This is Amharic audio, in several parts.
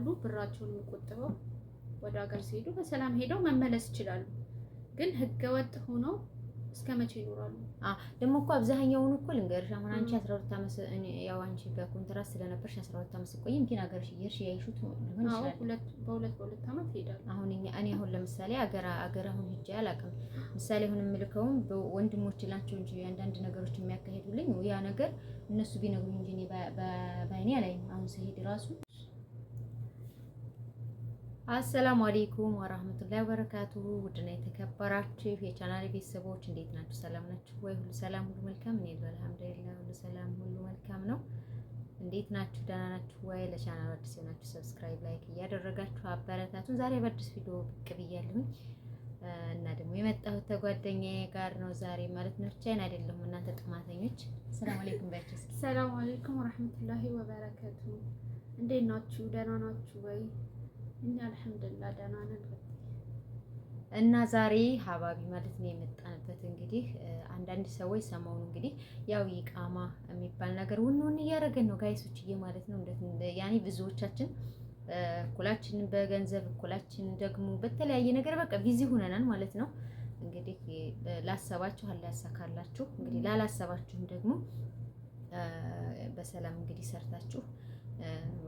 ይችላሉ። ብራቸውን የሚቆጥበው ወደ ሀገር ሲሄዱ በሰላም ሄደው መመለስ ይችላሉ። ግን ህገወጥ ሆነው እስከ መቼ ይኖራሉ? ደግሞ እኮ አብዛኛውን እኮ ልንገርሽ፣ አሁን አንቺ አስራ ሁለት ዓመት ያው አንቺ በኮንትራት ስለነበርሽ አስራ ሁለት ዓመት ስቆይም ግን ሀገርሽ እየሄድሽ ያይሹት ሊሆን ይችላል። ሁለት በሁለት በሁለት ዓመት ይሄዳል። አሁን እኛ እኔ አሁን ለምሳሌ አገር አገር አሁን ሂጅ አላውቅም። ምሳሌ አሁን የምልከውም ወንድሞች ናቸው እንጂ አንዳንድ ነገሮች የሚያካሂዱልኝ ያ ነገር እነሱ ቢነግሩኝ እንጂ እኔ ባይኔ አላይም። አሁን ስሄድ ራሱ አሰላሙ አሌይኩም ወራህመቱላሂ ወበረካቱሁ። ውድና የተከበራችሁ የቻናል ቤተሰቦች እንዴት ናችሁ? ሰላም ናችሁ ወይ? ሁሉ ሰላም፣ ሁሉ መልካም እኔ አልሐምዱሊላህ ሁሉ ሰላም፣ ሁሉ መልካም ነው። እንዴት ናችሁ? ደህና ናችሁ ወይ? ለቻናሉ አዲስ የሆናችሁ ሰብስክራይብ፣ ላይክ እያደረጋችሁ አበረታቱን። ዛሬ በአዲስ ቪዲዮ ብቅ ብያለሁኝ እና ደግሞ የመጣሁት ተጓደኛዬ ጋር ነው ዛሬ ማለት ነው። ብቻዬን አይደለሁም እናንተ ጥማተኞች። ሰላም አለይኩም ባይች። ሰላም አለይኩም ወራህመቱላሂ ወበረካቱሁ። እንዴት ናችሁ? ደህና ናችሁ ወይ? እኛ አልሐምዱሊላህ ደህና ነን። እና ዛሬ ሀባቢ ማለት ነው የመጣንበት እንግዲህ አንዳንድ ሰዎች ሰሞኑ እንግዲህ ያው ይቃማ የሚባል ነገር ውን ውን እያደረገን ነው ጋይሶችዬ ማለት ነው። ያኔ ብዙዎቻችን እኩላችን በገንዘብ እኩላችን ደግሞ በተለያየ ነገር በቃ ቢዚ ሁነናል ማለት ነው። እንግዲህ ላሰባችሁ አላሳካላችሁ፣ እንግዲህ ላላሰባችሁም ደግሞ በሰላም እንግዲህ ሰርታችሁ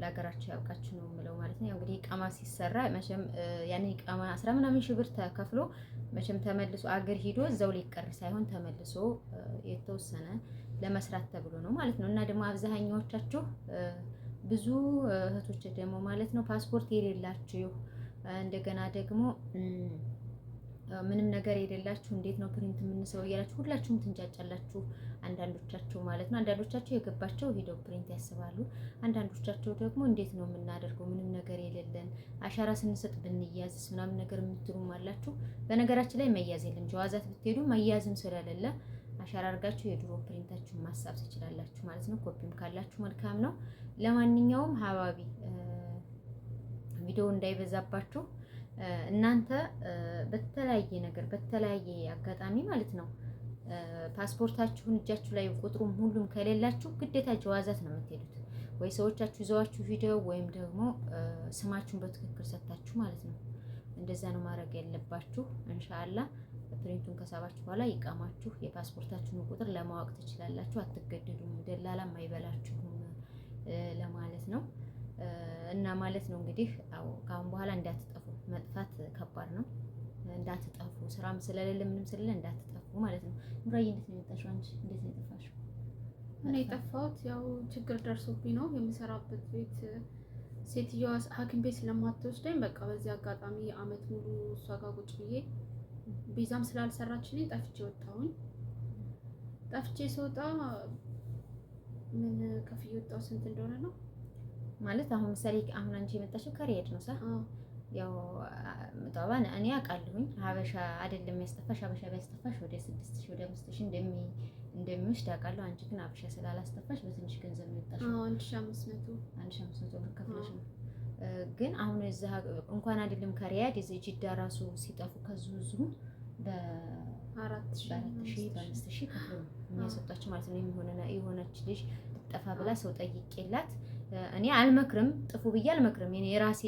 ለሀገራቸው ያብቃችሁ ነው የምለው ማለት ነው። እንግዲህ ቀማ ሲሰራ መቼም ያኔ ቀማ አስራ ምናምን ሺህ ብር ተከፍሎ መቼም ተመልሶ አገር ሂዶ እዛው ሊቀር ሳይሆን ተመልሶ የተወሰነ ለመስራት ተብሎ ነው ማለት ነው። እና ደግሞ አብዛኛዎቻችሁ ብዙ እህቶች ደግሞ ማለት ነው ፓስፖርት የሌላችሁ እንደገና ደግሞ ምንም ነገር የሌላችሁ እንዴት ነው ፕሪንት የምንሰው እያላችሁ ሁላችሁም ትንጫጫላችሁ። አንዳንዶቻችሁ ማለት ነው። አንዳንዶቻችሁ የገባቸው ሄደው ፕሪንት ያስባሉ። አንዳንዶቻቸው ደግሞ እንዴት ነው የምናደርገው ምንም ነገር የሌለን አሻራ ስንሰጥ ብንያዝስ ምናምን ነገር የምትሉም አላችሁ። በነገራችን ላይ መያዝ የለም። ጀዋዛት ብትሄዱ መያዝም ስለሌለ አሻራ አድርጋችሁ የድሮ ፕሪንታችሁን ማሳብ ትችላላችሁ ማለት ነው። ኮፒም ካላችሁ መልካም ነው። ለማንኛውም ሀባቢ ቪዲዮ እንዳይበዛባችሁ እናንተ በተለያየ ነገር በተለያየ አጋጣሚ ማለት ነው ፓስፖርታችሁን እጃችሁ ላይ ቁጥሩም ሁሉም ከሌላችሁ ግዴታ ጀዋዛት ነው የምትሄዱት። ወይ ሰዎቻችሁ ይዘዋችሁ ሂደው ወይም ደግሞ ስማችሁን በትክክል ሰጥታችሁ ማለት ነው። እንደዛ ነው ማድረግ ያለባችሁ። እንሻላ ፕሪንቱን ከሳባችሁ በኋላ ይቃማችሁ የፓስፖርታችሁን ቁጥር ለማወቅ ትችላላችሁ። አትገደዱም፣ ደላላም አይበላችሁም ለማለት ነው እና ማለት ነው እንግዲህ ከአሁን በኋላ እንዳትጠፉ መጥፋት ከባድ ነው። እንዳትጠፉ ስራም ስለሌለ ምንም ስለሌለ እንዳትጠፉ ማለት ነው። ኑራዬ እንዴት ነው የመጣሽው? አንቺ እንዴት ነው የጠፋሽው? እኔ የጠፋሁት ያው ችግር ደርሶብኝ ነው። የምሰራበት ቤት ሴትዮዋ ሐኪም ቤት ስለማትወስደኝ በቃ በዚህ አጋጣሚ አመት ሙሉ እሷ ጋር ቁጭ ብዬ ቢዛም ስላልሰራችልኝ ጠፍቼ ወጣሁኝ። ጠፍቼ ስወጣ ምን ከፍዬ ወጣሁ? ስንት እንደሆነ ነው ማለት አሁን ምሳሌ አሁን አንቺ የመጣሽው ከሬድ ነው ሳ ያው ምጣባን እኔ አውቃለሁኝ። ሀበሻ አይደለም የሚያስጠፋሽ፣ ሀበሻ ቢያስጠፋሽ ወደ ስድስት ሺህ ወደ አምስት ሺህ እንደሚወስድ አውቃለሁ። አንቺ ግን ሀበሻ ስላላስጠፋሽ በትንሽ ገንዘብ ነው የወጣሽው። አንድ ሺህ አምስት መቶ አንድ ሺህ አምስት መቶ ብር ከፍለሽ ነው። ግን አሁን እዛ እንኳን አይደለም ከሪያድ እዚህ ጅዳ ራሱ ሲጠፉ ከዚሁ እዚሁ በአራት ሺህ በአምስት ሺህ የሚያስወጣቸው ማለት ነው። የሆነች ልጅ ጠፋ ብላ ሰው ጠይቄላት እኔ አልመክርም፣ ጥፉ ብዬ አልመክርም። እኔ የራሴ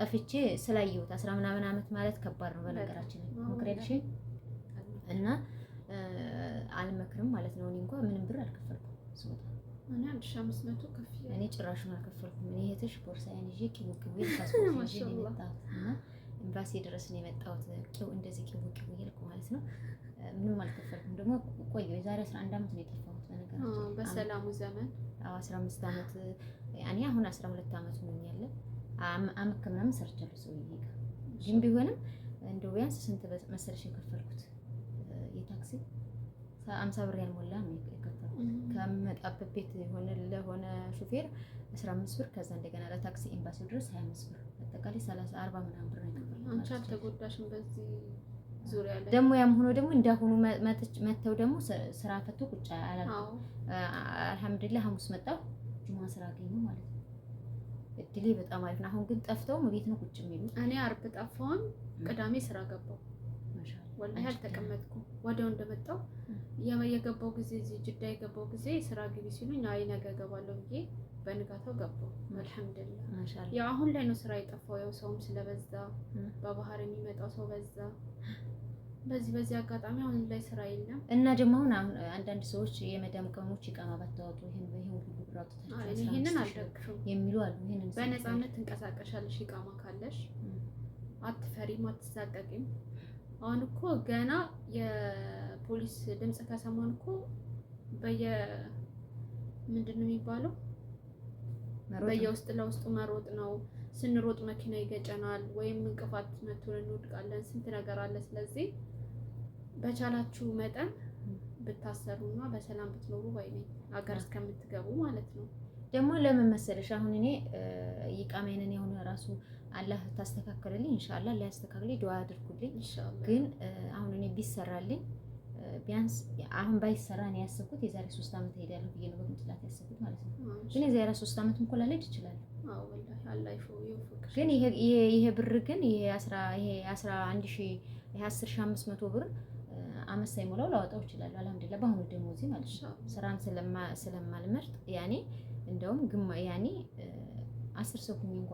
ጠፍቼ ስላየሁት አስራ ምናምን ዓመት ማለት ከባድ ነው በነገራችን ምክሬልሽ እና አልመክርም ማለት ነው። እኔ እንኳ ምንም ብር አልከፈልኩም ስወጣ እኔ ጭራሹን አልከፈልኩም። እኔ እህትሽ ቦርሳዬን ይዤ ኪቡ ኪቡ ሳስቦሽ ኤምባሲ ድረስ ነው የመጣሁት። ቂው እንደዚህ ቂው ቂው እያልኩ ማለት ነው። ምንም አልከፈልኩም። ደግሞ ቆየሁ የዛሬ አስራ አንድ ዓመት ነው የጠፋሁት በነገራችን በሰላሙ ዘመን አስራ አምስት ዓመት እኔ አሁን 12 ዓመት ሆኖኛል። አመት ከምናምን ሰርቻለሁ ሰውዬ ጋር ግን ቢሆንም እንደ ቢያንስ ስንት መሰለሽ የከፈልኩት የታክሲ አምሳ ብር ያልሞላ ነው የከፈልኩት። ከመጣበት ቤት የሆነ ለሆነ ሹፌር 15 ብር ከዛ እንደገና ለታክሲ ኤምባሲው ድረስ 25 ብር አጠቃላይ 30 40 ምናምን ብር ነው የከፈልኩት። በዚህ ደግሞ ያም ሆኖ ደግሞ እንዳሁኑ መተው ደግሞ ስራ ፈቶ ቁጭ አላልኩም። አልሐምዱሊላህ ሐሙስ መጣሁ ጁማ ስራ አገኙ ማለት ነው። እድሌ በጣም አሪፍ ነው። አሁን ግን ጠፍተውም ቤት ነው ቁጭ የሚሉ። እኔ አርብ ጠፋውን ቅዳሜ ስራ ገባው ወላሂ አልተቀመጥኩ። ወዲያው እንደመጣው የገባው ጊዜ እዚህ ጅዳ የገባው ጊዜ ስራ ግቢ ሲሉኝ አይ ነገ ገባለሁ ብዬ በንጋታው ገባው። አልሐምዱሊላህ። ያው አሁን ላይ ነው ስራ የጠፋው። ያው ሰውም ስለበዛ በባህር የሚመጣው ሰው በዛ በዚህ በዚህ አጋጣሚ አሁን ላይ ስራ የለም እና ደግሞ አሁን አንዳንድ ሰዎች የመዳም ቅመሞች ይቃማ ባታወጡ ይሄን ይሄን ሁሉ ብራውት ይሄንን አልደግፍም የሚሉ አሉ። ይሄንን በነፃነት ትንቀሳቀሻለሽ ይቃማ ካለሽ አትፈሪም፣ አትሳቀቂም። አሁን እኮ ገና የፖሊስ ድምፅ ከሰማን እኮ በየ ምንድን ነው የሚባለው በየውስጥ ለውስጡ መሮጥ ነው። ስንሮጥ መኪና ይገጨናል፣ ወይም እንቅፋት መቶን እንወድቃለን። ስንት ነገር አለ። ስለዚህ በቻላችሁ መጠን ብታሰሩ ብታሰሩና በሰላም ብትኖሩ ወይ ነኝ፣ ሀገር እስከምትገቡ ማለት ነው። ደግሞ ለምን መሰለሽ አሁን እኔ ይቃሜንን የሆነ ራሱ አላህ ታስተካክልልኝ እንሻላ ሊያስተካክልኝ ድዋ አድርጉልኝ። ግን አሁን እኔ ቢሰራልኝ ቢያንስ አሁን ባይሰራ ነው ያሰብኩት። የዛሬ ሶስት ዓመት ሄዳለሁ ብዬ ነው በምትላት ያሰብኩት ማለት ነው። ግን የዛሬ ሶስት ዓመት እንኳን ላለች ይችላል። ግን ይሄ ብር ግን ይሄ አስራ አንድ ሺ ይሄ አስር ሺ አምስት መቶ ብር አመት ሳይሞላው ላወጣው እችላለሁ። አልሐምዱሊላህ በአሁኑ ደሞዜ ማለት ነው። ስራን ስለማልመርጥ ያኔ እንደውም ግማ ያኔ አስር ሰው ሁኝ እንኳ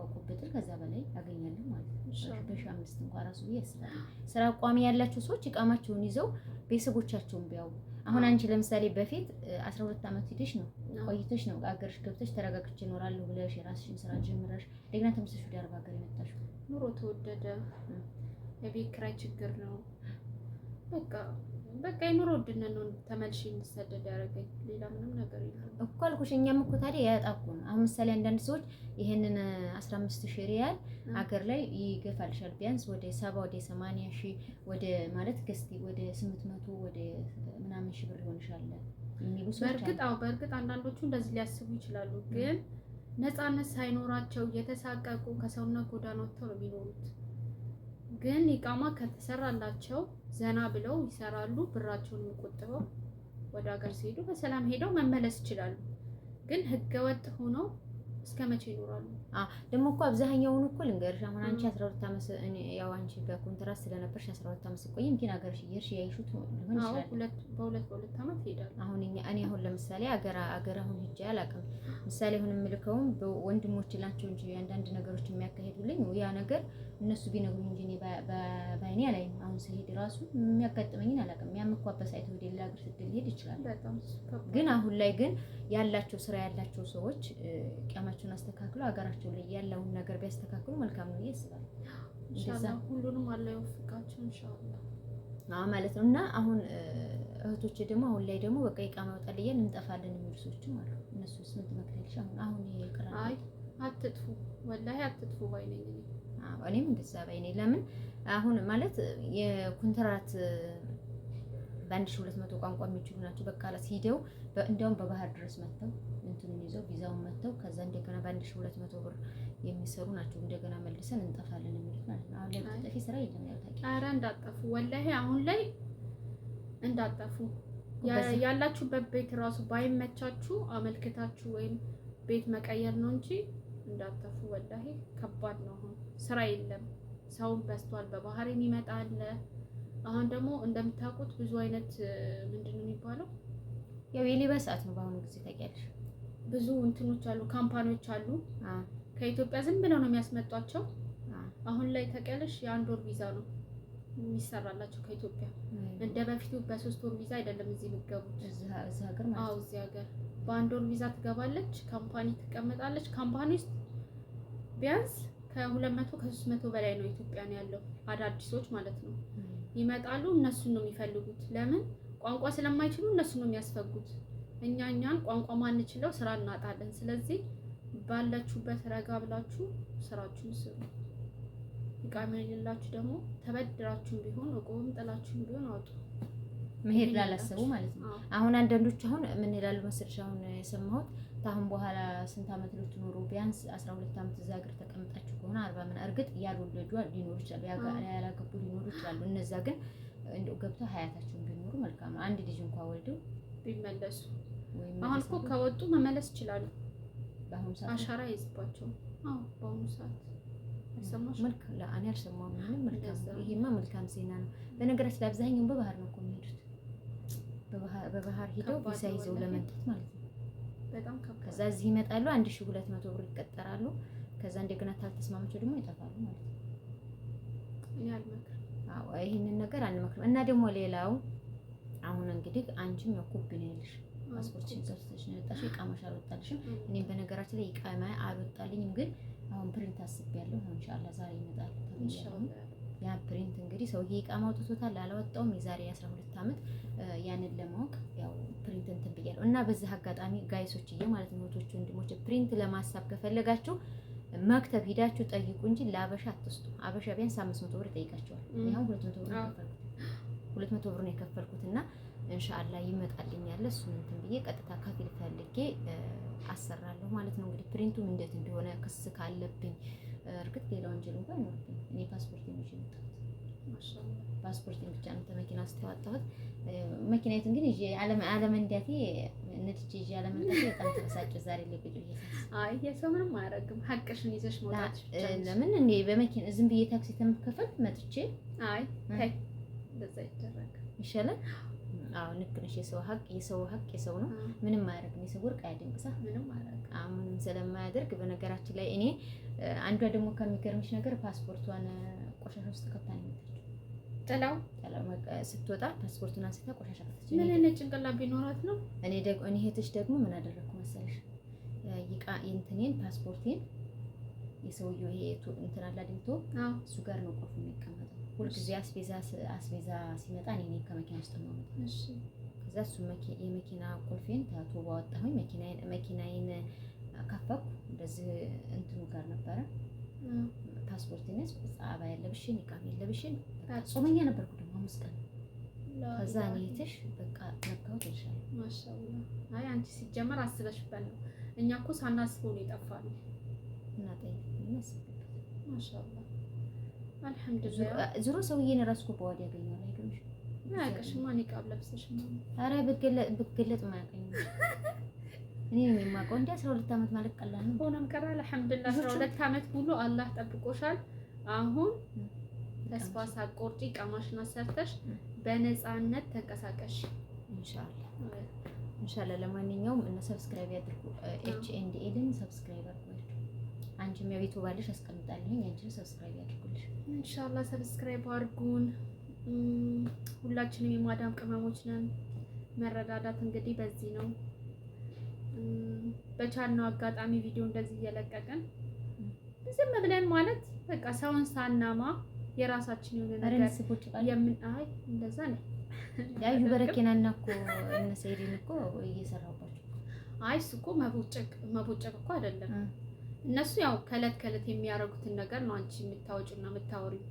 ከዛ በላይ አገኛለሁ ማለት ነው። በሺ አምስት እንኳ ራሱ ያስራል። ስራ ቋሚ ያላቸው ሰዎች እቃማቸውን ይዘው ቤተሰቦቻቸውን ቢያው አሁን አንቺ ለምሳሌ በፊት 12 ዓመት ሄደሽ ነው ቆይተሽ ነው አገርሽ ገብተሽ ተረጋግቼ እኖራለሁ ብለሽ የራስሽን ስራ ጀምረሽ እንደገና ተመልሰሽ ወደ አረብ ሀገር የመጣሽው ኑሮ ተወደደ። የቤት ኪራይ ችግር ነው በቃ በቃ የኑሮ ውድነት ነው ተመልሼ እንድሰደድ ያደረገኝ ሌላ ምንም ነገር የለም እኮ አልኩሽ። እኛም እኮ ታዲያ ያጣኩ ነው። አሁን ምሳሌ አንዳንድ ሰዎች ይህንን አስራ አምስት ሺህ ሪያል አገር ላይ ይገፋልሻል ቢያንስ ወደ ሰባ ወደ ሰማንያ ሺህ ወደ ማለት ገስቲ ወደ ስምንት መቶ ወደ ምናምን ሺህ ብር ይሆንሻል የሚሉ ሰዎች በእርግጥ አዎ፣ በእርግጥ አንዳንዶቹ እንደዚህ ሊያስቡ ይችላሉ። ግን ነፃነት ሳይኖራቸው እየተሳቀቁ ከሰውነት ጎዳና ወጥተው ነው የሚኖሩት። ግን ኢቃማ ከተሰራላቸው ዘና ብለው ይሰራሉ፣ ብራቸውን የሚቆጥበው ወደ ሀገር ሲሄዱ በሰላም ሄደው መመለስ ይችላሉ። ግን ህገወጥ ሆነው እስከ መቼ ይኖራሉ? ደግሞ እኮ አብዛኛውን እኮ ልንገርሽ፣ አሁን አንቺ አስራ ሁለት ዓመት ያው አንቺ በኮንትራት ስለነበርሽ አስራ ሁለት ዓመት ስቆይም ግን ሀገርሽ እየሄድሽ ያይሹ ትሆን ይችላል። በሁለት በሁለት ዓመት ይሄዳል። አሁን እኔ አሁን ለምሳሌ አገር አገር አሁን ሂጅ አላውቅም። ምሳሌ አሁን የምልከውም ወንድሞች ናቸው እንጂ አንዳንድ ነገሮች የሚያካሄዱልኝ ያ ነገር እነሱ ቢነግሩኝ እንጂ እኔ ባይኔ አላይም። አሁን ስሄድ ራሱ የሚያጋጥመኝን አላውቅም። ያም እኮ ወደ ሌላ ሀገር ስትሄድ ይችላል። ግን አሁን ላይ ግን ያላቸው ስራ ያላቸው ሰዎች ቀመ ራሳቸውን አስተካክሎ ሀገራቸው ላይ ያለውን ነገር ቢያስተካክሉ መልካም ነው ያስባል። ሁሉንም አለ ይወፍቃቸው ኢንሻአላ ማለት ነው። እና አሁን እህቶች ደግሞ አሁን ላይ ደግሞ በቃ ይቃማ ወጣል እንጠፋለን የሚሉ ሰዎችም አሉ። እነሱ ስንት መክረልሽ አሁን አሁን ይቅራ። አይ አትጥፉ፣ ወላሂ አትጥፉ ባይነኝ እኔም እንደዛ ባይኔ። ለምን አሁን ማለት የኮንትራት በአንድ ሺህ ሁለት መቶ ቋንቋ የሚችሉ ናቸው በቃ ሂደው እንዲያውም በባህር ድረስ መጥተው እንትኑን ይዘው ቪዛውን መጥተው ከዛ እንደገና በአንድ ሺህ ሁለት መቶ ብር የሚሰሩ ናቸው። እንደገና መልሰን እንጠፋለን የሚሉት ማለት ነው። አሁን ላይ ጠፊ ስራ የለም። ኧረ እንዳጠፉ ወላሂ አሁን ላይ እንዳጠፉ ያላችሁበት ቤት ራሱ ባይመቻችሁ አመልክታችሁ ወይም ቤት መቀየር ነው እንጂ እንዳጠፉ ወላሂ ከባድ ነው። አሁን ስራ የለም። ሰውን በዝቷል። በባህር የሚመጣ አለ። አሁን ደግሞ እንደምታውቁት ብዙ አይነት ምንድን ነው የሚባለው ያው ሰዓት ነው በአሁኑ ጊዜ ታውቂያለሽ። ብዙ እንትኖች አሉ፣ ካምፓኒዎች አሉ ከኢትዮጵያ ዝም ብለው ነው የሚያስመጧቸው። አሁን ላይ ታውቂያለሽ የአንድ ወር ቪዛ ነው የሚሰራላቸው ከኢትዮጵያ። እንደ በፊቱ በሶስት ወር ቪዛ አይደለም እዚህ የሚገቡት። አዎ እዚህ ሀገር በአንድ ወር ቪዛ ትገባለች፣ ካምፓኒ ትቀመጣለች። ካምፓኒ ውስጥ ቢያንስ ከሁለት መቶ ከሶስት መቶ በላይ ነው ኢትዮጵያ ነው ያለው፣ አዳዲሶች ማለት ነው። ይመጣሉ፣ እነሱን ነው የሚፈልጉት። ለምን ቋንቋ ስለማይችሉ እነሱ ነው የሚያስፈጉት። እኛ እኛን ቋንቋ ማንችለው ስራ እናጣለን። ስለዚህ ባላችሁበት ረጋ ብላችሁ ስራችሁን ስሩ። ድቃሚ የሌላችሁ ደግሞ ተበድራችሁም ቢሆን እቁብም ጥላችሁም ቢሆን አውጡ። መሄድ ላላሰቡ ማለት ነው። አሁን አንዳንዶች አሁን ምን ይላሉ መሰለሽ፣ አሁን የሰማሁት ከአሁን በኋላ ስንት ዓመት ልትኖሩ ቢያንስ አስራ ሁለት ዓመት እዛ ሀገር ተቀምጣችሁ ከሆነ አርባ ምን እርግጥ ያልወለዱ ሊኖሩ ይችላሉ፣ ያላገቡ ሊኖሩ ይችላሉ። እነዛ ግን እንደው ገብተው ሀያታቸውን ቢኖሩ መልካም ነው። አንድ ልጅ እንኳን ወልደው ቢመለሱ አሁን እኮ ከወጡ መመለስ ይችላሉ። በአሁኑ ሰዓት አሻራ ይዝባቸው። አዎ በአሁኑ ሰዓት እኔ አልሰማሁም። ይሄማ መልካም ዜና ነው። በነገራችን ላይ አብዛኛውን በባህር ነው እኮ የሚሄዱት። በባህር ሂደው ቪዛ ይዘው ለመንጠት ማለት ነው። በጣም ከዛ እዚህ ይመጣሉ፣ አንድ ሺህ ሁለት መቶ ብር ይቀጠራሉ። ከዛ እንደገና ካልተስማማቸው ደግሞ ይጠፋሉ ማለት ነው። ይሄንን ነገር አንመክርም። እና ደግሞ ሌላው አሁን እንግዲህ አንቺም ያኩብን ይልሽ ፓስፖርትሽን ሰርተሽ ነው የወጣሽ። ይቃማሽ አልወጣልሽም። እኔም በነገራችን ላይ ይቃማ አልወጣልኝም፣ ግን አሁን ፕሪንት አስቤያለሁ። ኢንሻአላህ ዛሬ ይመጣል። ያ ፕሪንት እንግዲህ ሰውዬ ይቃማ አውጥቶታል፣ አላወጣውም። የዛሬ 12 ዓመት ያንን ለማወቅ ያው ፕሪንት እንትን ብያለሁ። እና በዚህ አጋጣሚ ጋይሶችዬ ማለት ነው ወንድሞች፣ ፕሪንት ለማሳብ ከፈለጋችሁ መክተብ ሂዳችሁ ጠይቁ እንጂ ለአበሻ አትስጡ። አበሻ ቢያንስ አምስት መቶ ብር ይጠይቃቸዋል። ይኸው ሁለት መቶ ብር የከፈልኩት ሁለት መቶ ብር ነው የከፈልኩት እና እንሻአላ ይመጣልኛል። እሱን እንትን ብዬ ቀጥታ ከፊል ፈልጌ አሰራለሁ ማለት ነው። እንግዲህ ፕሪንቱም እንዴት እንደሆነ ክስ ካለብኝ እርግጥ ሌላ ወንጀል እንኳን አይኖርብኝ። እኔ ፓስፖርት ይዤ መጣሁ። ፓስፖርት ብቻ ነው ተመኪና አስተዋጣሁት። መኪናየት እንግዲህ አለመንዳቴ ልጅ ይዤ አለመምጣት በጣም ተበሳጨሁ። ዛሬ ላይ ቁጭ ብዬሽ አይ የሰው ምንም አያደርግም። ሀቅሽን ይዘሽ መውጣት ለምን እኔ በመኪና ዝም ብዬ ታክሲ ተመከፈል መጥቼ አይ ታይ በዛ ይደረግ ይሻላል። አዎ ልክ ነሽ። የሰው ሀቅ የሰው ሀቅ የሰው ነው። ምንም አያደርግም። የሰው ወርቅ አያደንቅሳ ምንም አያደርግም። አሁንም ስለማያደርግ በነገራችን ላይ እኔ አንዷ ደግሞ ከሚገርምሽ ነገር ፓስፖርቷን ቆሻሻ ውስጥ ከፍታ ነው ጥላው ስትወጣ ፓስፖርቱን አንስታ ቆሻሻ ቀረች። ምን አይነት ጭንቅላት ቢኖራት ነው? እኔ ደግሞ እኔ እህትሽ ደግሞ ምን አደረግኩ መሰለሽ? ይቃ እንትኔን ፓስፖርቴን የሰውየው ይሄ እንትን አለ አግኝቶ እሱ ጋር ነው ቆፍ የሚቀመጠው። ሁልጊዜ አስቤዛ አስቤዛ ሲመጣ እኔ ነኝ ከመኪና ውስጥ ነው። እሺ ከዛ እሱ የመኪና ቁልፌን ታቶ ባወጣሁኝ መኪናዬን መኪናዬን ከፈኩ። እንደዚህ እንትኑ ጋር ነበረ ፓስፖርቴን ያዝኩ። ጸባ የለብሽን ይቃም የለብሽን ጾመኛ ነበርኩ ደግሞ አምስት ቀን ከዛ ኔትሽ በቃ ነካሁት ይሻል። ማሻአላ። አይ አንቺ ሲጀመር አስበሽበት ነው። እኛ እኮ ሳናስበው ነው የጠፋል። ማሻአላ አልሐምዱሊላህ። ዞሮ ሰውዬን ራሱ እኮ በዋድ ያገኘዋል። አይገርምሽም? አያውቅሽማ ኒቃብ ለብሰሽ ነው። ኧረ ብትገለጥ ማያውቀኝ እኔ የማውቀው እንደ አስራ ሁለት ዓመት ማለት ቀላል ነው። ሆኖም ቀረ አልሐምዱሊላህ። አስራ ሁለት ዓመት ሙሉ አላህ ጠብቆሻል። አሁን ተስፋ ሳትቆርጪ ቃማሽን አሰርተሽ በነፃነት ተንቀሳቀሽ ኢንሻአላህ። ኢንሻአላህ ለማንኛውም እና ሰብስክራይብ ያድርጉ። ኤች ኤንድ ኤልን ሰብስክራይብ አድርጉ። አንቺም የቤቱ ባልሽ አስቀምጣለሁኝ። አንቺም ሰብስክራይብ ያድርጉልሽ ኢንሻአላህ። ሰብስክራይብ አድርጉን። ሁላችንም የማዳም ቅመሞች ነን። መረዳዳት እንግዲህ በዚህ ነው። በቻልነው አጋጣሚ ቪዲዮ እንደዚህ እየለቀቅን ዝም ብለን ማለት በቃ ሰውን ሳናማ የራሳችን የሆነ ነገር የምናይ እንደዛ ነው። ያዩ በረኪና እኮ እነ ሰይድን እኮ እየሰራባቸው አይ እሱ እኮ መቦጨቅ መቦጨቅ እኮ አይደለም። እነሱ ያው ከእለት ከእለት የሚያደርጉትን ነገር ነው አንቺ የምታወጪውና የምታወሪው።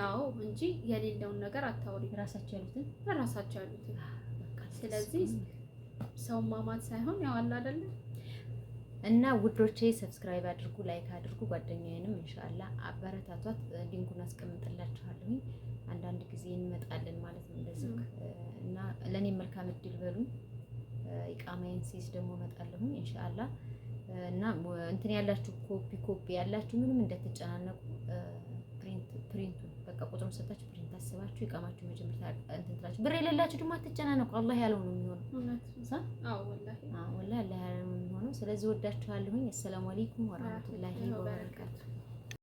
ያው እንጂ የሌለውን ነገር አታወሪ። ራሳቸው ያሉትን ራሳቸው ያሉትን ስለዚህ ሰው ማማት ሳይሆን ያው አለ አይደለም። እና ውዶቼ ሰብስክራይብ አድርጉ፣ ላይክ አድርጉ። ጓደኛዬንም እንሻላ አበረታቷት። ሊንኩን አስቀምጥላችኋለሁ። አንዳንድ ጊዜ እንመጣለን ማለት ነው እንደዚህ እና ለእኔ መልካም እድል በሉኝ። ኢቃማዬን ሲይዝ ደግሞ እመጣለሁ እንሻላ እና እንትን ያላችሁ ኮፒ ኮፒ ያላችሁ ምንም እንደተጨናነቁ ፕሪንት ፕሪንቱ በቃ ቁጥሩን ሰጣችሁ ብሬን ታስባችሁ ይቃማችሁ መጀመር እንትን ትላችሁ። ብር የሌላችሁ ደግሞ አትጨናነቁ። አላህ ያለው ነው የሚሆነው። አዎ ወላሂ፣ አዎ ወላሂ፣ አላህ ያለው ነው የሚሆነው። ስለዚህ ወዳችኋለሁኝ። አሰላሙ አለይኩም ወራህመቱላሂ ወበረካቱ።